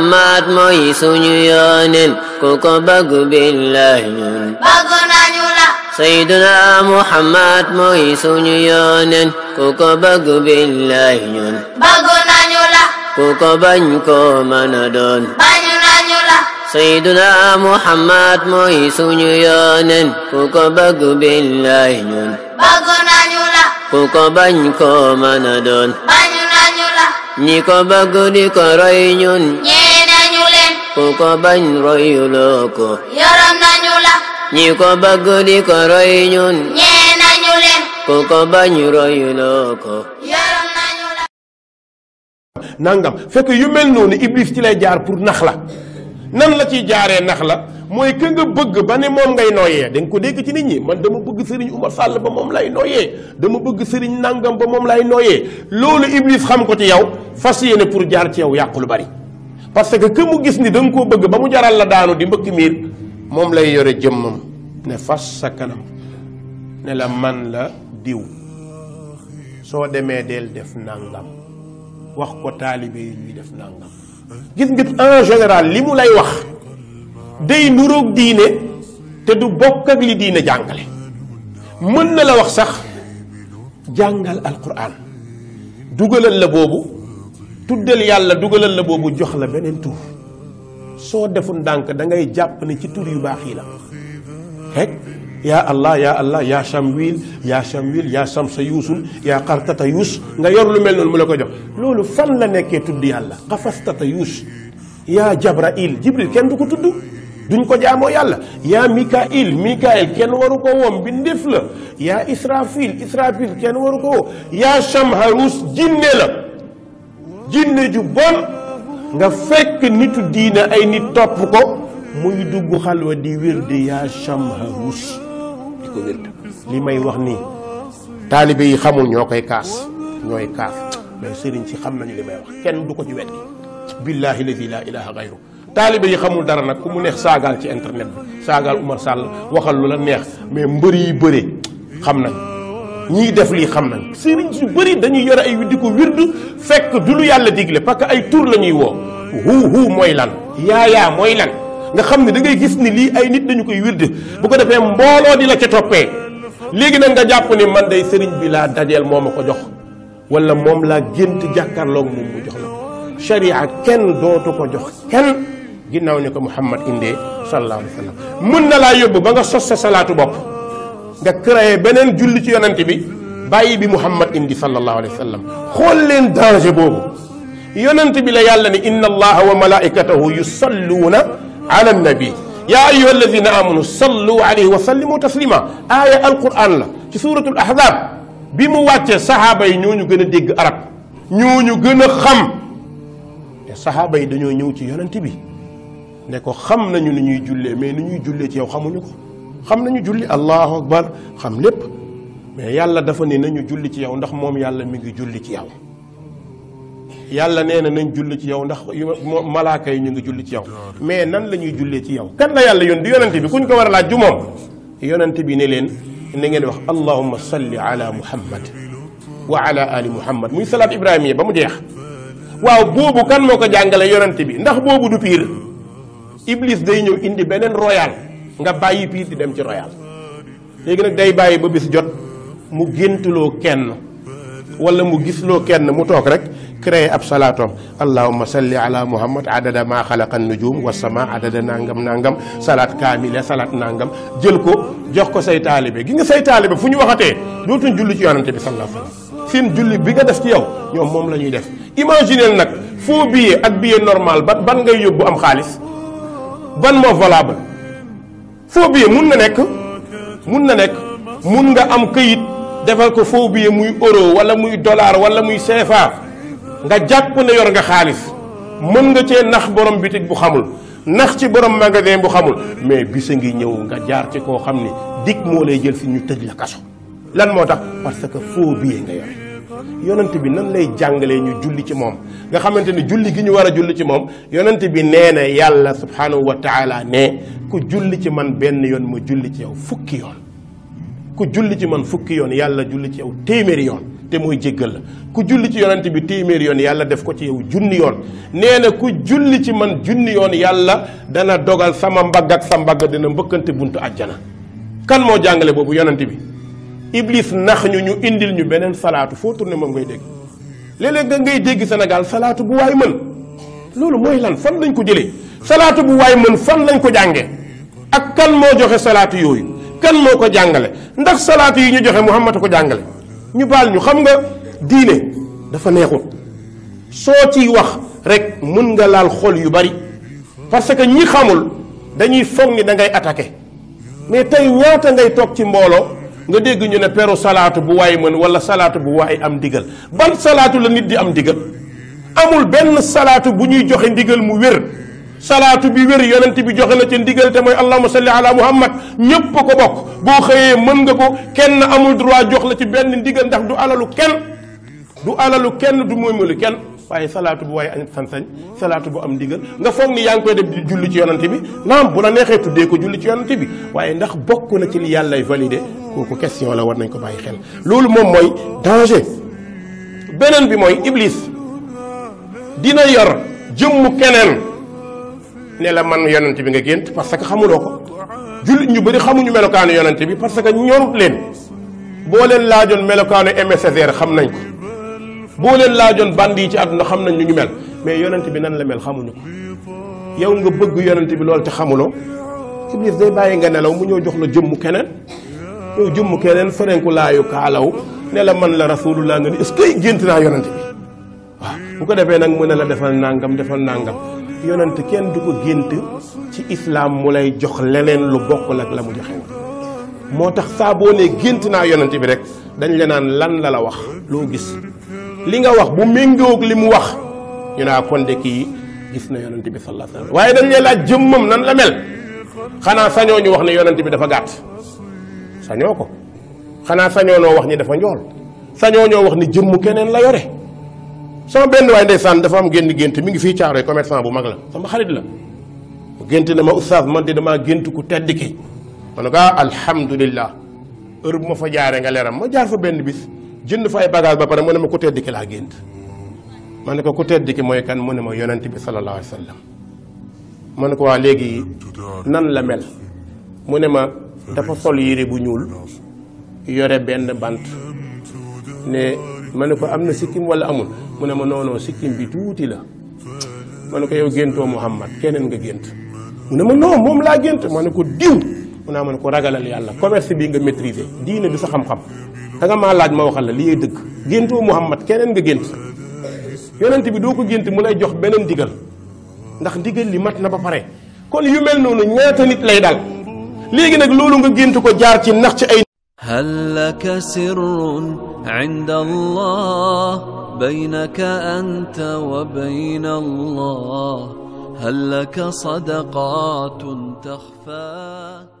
Muhammad moyi sunyonin koko bagu billahin bagu nanyula Sayyiduna Muhammad moyi sunyonin koko bagu billahin bagu nanyula koko banko manadon banyu nanyula Sayyiduna Muhammad moyi sunyonin koko bagu billahin bagu nanyula koko banko manadon banyu nanyula Niko bagu niko roinyun yeah. ko bañ royuloo ko yorom nañu la ñi ko bëgg di ko nangam fekk yu mel noonu iblis ci lay jaar pour nax la nan la ciy jaaree nax la mooy que nga bëgg ba ne moom ngay nooyee da ko nekk ci nit ñi man dama bëgg sëriñ Oumar sàll ba moom lay nooyee dama bëgg sëriñ nangam ba moom lay nooyee loolu Iblis xam ko ci yow fas yéene pour jaar ci yow yàqu lu bari. parce que que mu gis ni da nga koo bëgg ba mu jaral la daanu di mbëkk miir moom lay yore jëmmam ne fas sa kanam ne la man la diw soo demee del def nàngam wax ko taalibe yi def nàngam gis nga en général li mu lay wax day nuroog diine te du bokk li diine jàngale mën na la wax sax jàngal alquran dugalal la boobu tuddal yàlla dugalal la boobu jox la beneen tur soo deful ndànk da ngay jàpp ne ci tur yu baax yi la rek yaa allah yaa allah yaa Shamwil yaa Shamwil yaa Samsa yuusul nga yor lu mel noonu mu la ko jox loolu fan la nekkee tudd yàlla Qafastata yuus yaa Jabrail Jibril kenn du ko tudd duñ ko jaamoo yàlla yaa Mikail Mikail kenn waru ko woom bi ndéef la yaa Israfil Israfil kenn waru ko woo yaa Shamharus jinne la jinne ju bon nga fekk nitu diina ay nit topp ko muy dugg xalwa di wérde yaa chamharus di ko wérde li may wax nii taalibe yi xamul ñoo koy kaas ñooy kaas mais sëriñ si xam nañu li may wax kenn du ko ci weddi billaahi ladi laa ilaha gayru taalibe yi xamul dara nag ku mu neex saagaal ci internet bi saagaal Umar Sall waxal lu la neex mais mbër yi bëre xam nañ ñiy def lii xam nañ sëriñ yu bëri dañuy yore ay di ko wird fekk du lu yàlla digle parce que ay tur la ñuy woo huu huu mooy lan yaayaa mooy lan nga xam ne da ngay gis ni lii ay nit dañu koy wird bu ko defee mbooloo di la ca toppee léegi nag nga jàpp ni man day sëriñ bi laa dajeel moom ma ko jox wala moom laa gént jàkkaarloog moom mu jox la sharia kenn dootu ko jox kenn ginnaaw ni ko Muhammad indee sallallahu mën na laa yóbbu ba nga sos sa salaatu bopp nga créé beneen julli ci yonent bi bàyyi bi muhammad indi sallallahu alayhi wa sallam xool leen danger boobu yonent bi la yàlla ne inna allaha wa malaikatahu yusalluuna ala nabi يا أيها الذين آمنوا صلوا عليه وسلموا تسليما آية القرآن لا في سورة الأحزاب بمو واتي صحابة ñoo ñu gëna dégg arab ñoo ñu gëna xam te saxaaba yi dañoo ñëw ci yonent bi ne ko xam nañu ni ñuy jullee mais ni ñuy jullee ci yow xamuñu ko xam nañu julli allahu akbar xam lépp mais yàlla dafa ne nañu julli ci yow ndax moom yàlla mi ngi julli ci yow yàlla nee na nañ julli ci yow ndax malaaka yi ñu ngi julli ci yow mais nan la ñuy jullee ci yow kan la yàlla yoon di yonante bi kuñ ko war a laaj ju moom yonante bi ne leen ne ngeen wax allahumma salli ala muhammad wa ala ali muhammad muy salaat ibrahim ba mu jeex waaw boobu kan moo ko jàngale yonante bi ndax boobu du pire iblis day ñëw indi beneen royal nga bàyyi piir di dem ci royal léegi nag day bàyyi ba bis jot mu géntuloo kenn walla mu gis loo kenn mu toog rek créé ab salaatoom allahumma salli ala muhammad adada ma xalaqa nujum wa sama adada nangam nangam salaat kaamila salaat nangam jël ko jox ko say taalibe gi nga say taalibe fu ñu waxatee dootuñ julli ci yonante bi sallallahu alayhi wasallam julli bi nga def ci yow ñoom moom la ñuy def imagineel nag faux billet ak billet normal ban ban ngay yóbbu am xaalis ban faux billet mun na nekk mun na nekk mun nga am kayit defar ko faux billet muy euro wala muy dollar wala muy CFA nga jàpp ne yor nga xaalis mën nga cee nax borom bitig bu xamul nax ci borom magasin bu xamul mais bis a ngi ñëw nga jaar ci koo xam ni dig moo lay jël si ñu tëj la kaso lan moo tax parce que faux nga yor yonent bi nan lay jàngalee ñu julli ci moom nga xamante ni julli gi ñu war a julli ci moom yonent bi nee na yàlla subhanahu wa taala ne ku julli ci man benn yoon ma julli ci yow fukki yoon ku julli ci man fukki yoon yàlla julli ci yow téeméeri yoon te mooy jéggal ku julli ci yonent bi téeméeri yoon yàlla def ko ci yow junni yoon nee na ku julli ci man junni yoon yàlla dana dogal sama mbagg ak sa mbagg dina mbëkkante buntu àjjana kan moo jàngale boobu yonent bi iblis nax ñu ñu indil ñu benen salatu fo tourné moom ngay degi léeg-léeg nga ngay deg senegal salatu bu way man lolu moy lan fan lañ ko jëlé salatu bu way man fan lañ ko jàngee ak kan mo joxe salatu yoy kan moko ko ndax salatu yi ñu joxe muhammad ko nyubal ñu bal ñu xam nga diine dafa neexul so ci wax rek mën nga laal xol yu bari parce que ñi xamul dañuy fogg ni da ngay attaquer mais tay ñaata ngay tok ci mbolo nga dégg ñu ne peru salaatu bu waay mën wala salaatu bu waay am ndigal ban salaatu la nit di am ndigal amul benn salaatu bu ñuy joxe ndigal mu wér salaatu bi wér yonent bi joxe na ci ndigal te mooy allahuma salli ala muhammad ñépp ko bokk boo xëyee mën nga ko kenn amul droit jox la ci benn ndigal ndax du alalu kenn du alalu kenn du moomalu kenn waaye salaatu bu waaye añ sañ-sañ salaatu bu am ndigal nga foog ni yaa ngi koy def julli ci yonante bi naam bu la neexee tuddee ko julli ci yonante bi waaye ndax bokk na ci li yàllay validé kooku question la war nañ ko bàyyi xel loolu moom mooy danger beneen bi mooy iblis dina yar jëmmu keneen ne la man yonent bi nga gént parce que xamuloo ko jullit ñu bari xamuñu melokaanu yonent bi parce que ñorut leen boo leen laajoon melokaanu MSSR xam nañ ko boo leen laajoon band yi ci àdduna xam nañ ñu ñu mel mais yonent bi nan la mel xamuñu ko yow nga bëgg yonent bi loolu te xamuloo iblis day bàyyi nga nelaw mu ñëw jox la jëmmu keneen yow jëmm keneen ferenku laayu kaalaw ne la man la rasulullah ngi est-ce que gént naa yonent bi waaw ah, bu ko defee nag mu ne la defal nangam defal nangam yonent kenn du ko gént ci islam mu lay jox leneen lu bokkul ak la mu joxe moo tax saa boo ne gént naa yonent bi rek dañ la naan lan la la wax loo gis li nga wax bu méngoog li mu wax ñu naa ah, kon de kii gis na yonent bi sallallahu alayhi wasallam waaye dañ lay laaj jëmmam nan la mel xanaa sañoo ñu wax ne yonent bi dafa gàtt sañoo ko xanaa sañoo noo wax ni dafa njool sañoo ñoo wax ni jëmm keneen la yore sama benn waay ndeysaan dafa am génn gént mi ngi fii caaroy commerçant bu mag la sama xarit la gént na ma oustaz man de damaa gént ku tedd ki ma ne ko ah alhamdulillah heure bu ma fa jaaree nga leeram ma jaar fa benn bis jënd fa ay bagage ba pare mu ne ma ku tedd ki laa gént ma ne ko ku tedd ki mooy kan mu ne ma yonent bi sallallahu alayhi wa sallam ma ne ko waa léegi nan la mel mu ne ma dafa sol yére bu ñuul yore benn bant ne ma ko am na sikkim wala amul mu ne ma noonoo sikkim bi tuuti la ma ne ko yow géntoo Muhammad keneen nga gént mu ne ma non moom laa gént ma ne ko diw mu naa ma ne ko ragalal yàlla commerce bi nga maîtriser diine du sa xam-xam danga maa laaj ma waxal la li ngay dëgg géntoo Muhammad keneen nga gént yonent bi doo ko gént mu lay jox beneen ndigal ndax ndigal li mat na ba pare kon yu mel noonu ñaata nit lay dal léegi nag loolu nga gént ko jaar ci nax ci ay هل لك سر عند الله بينك أنت وبين الله هل لك صدقات تخفى